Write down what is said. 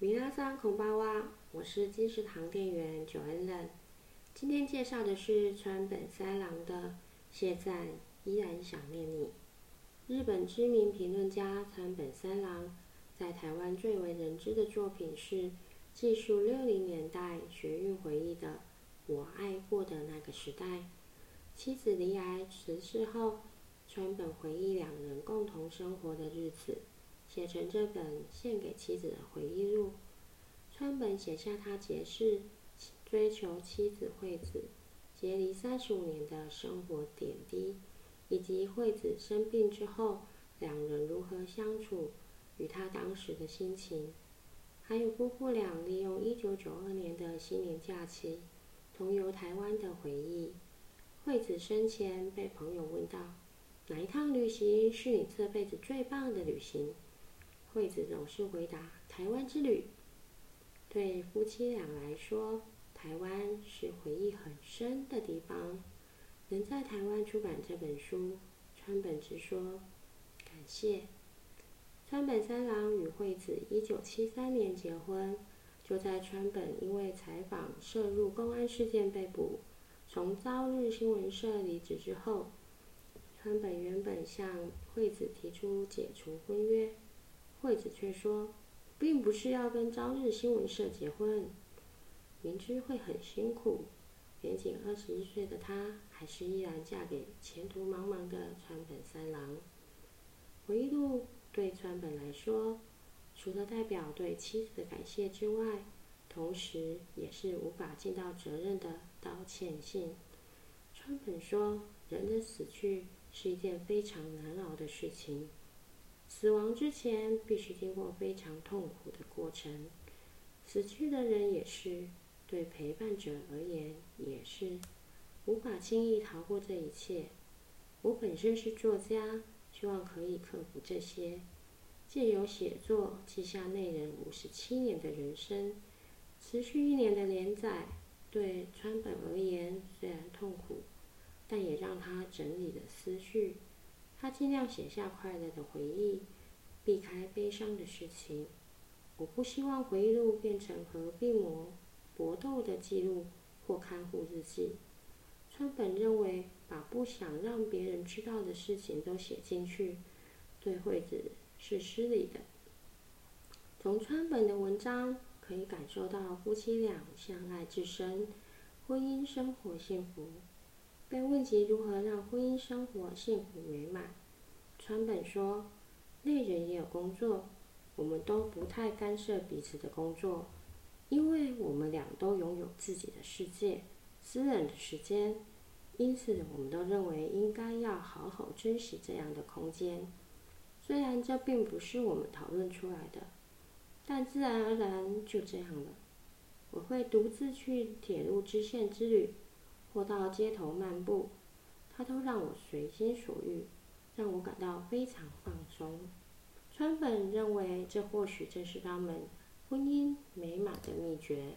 米拉桑孔巴哇，我是金石堂店員九恩冷。今天介紹的是川本三郎的《現在依然想念你》。日本知名評論家川本三郎，在台灣最為人知的作品是記述六零年代學運回憶的《我愛過的那個時代》。妻子罹癌辭世後，川本回憶兩人共同生活的日子。寫成這本獻給妻子的回憶錄，川本寫下他結識、追求妻子惠子、結褵三十五年的生活點滴，以及惠子生病之後兩人如何相處，與他當時的心情，還有夫婦倆利用一九九二年的新年假期，同遊台灣的回憶。惠子生前被朋友問到，哪一趟旅行是你這輩子最棒的旅行？惠子總是回答：“台灣之旅。”對夫妻倆來說，台灣是回憶很深的地方。能在台灣出版這本書，川本直說感謝。川本三郎與惠子一九七三年結婚，就在川本因為採訪涉入公安事件被捕，從朝日新聞社離職之後，川本原本向惠子提出解除婚約。惠子卻說，並不是要跟《朝日新聞社》結婚，明知會很辛苦，年僅二十一歲的她還是依然嫁給前途茫茫的川本三郎。回憶錄對川本來說，除了代表對妻子的感謝之外，同時也是無法盡到責任的道歉信。川本說：“人的死去是一件非常難熬的事情。”死亡之前必須經過非常痛苦的過程，死去的人也是，對陪伴者而言也是，無法輕易逃過這一切。我本身是作家，希望可以克服這些，借由寫作記下內人五十七年的人生，持續一年的連載，對川本而言雖然痛苦，但也讓他整理了思緒。他盡量寫下快樂的回憶，避開悲傷的事情。我不希望回憶錄變成和病魔搏鬥的記錄或看護日記。川本認為，把不想讓別人知道的事情都寫進去，對惠子是失禮的。從川本的文章可以感受到夫妻倆相愛至深，婚姻生活幸福。被問及如何讓婚姻生活幸福美滿，川本說：“內人也有工作，我們都不太干涉彼此的工作，因為我們倆都擁有自己的世界、私人的時間，因此我們都認為應該要好好珍惜這樣的空間。雖然這並不是我們討論出來的，但自然而然就這樣了。我會獨自去鐵路支線之旅。”或到街頭漫步，他都讓我隨心所欲，讓我感到非常放鬆。川本認為，這或許正是他們婚姻美滿的秘訣。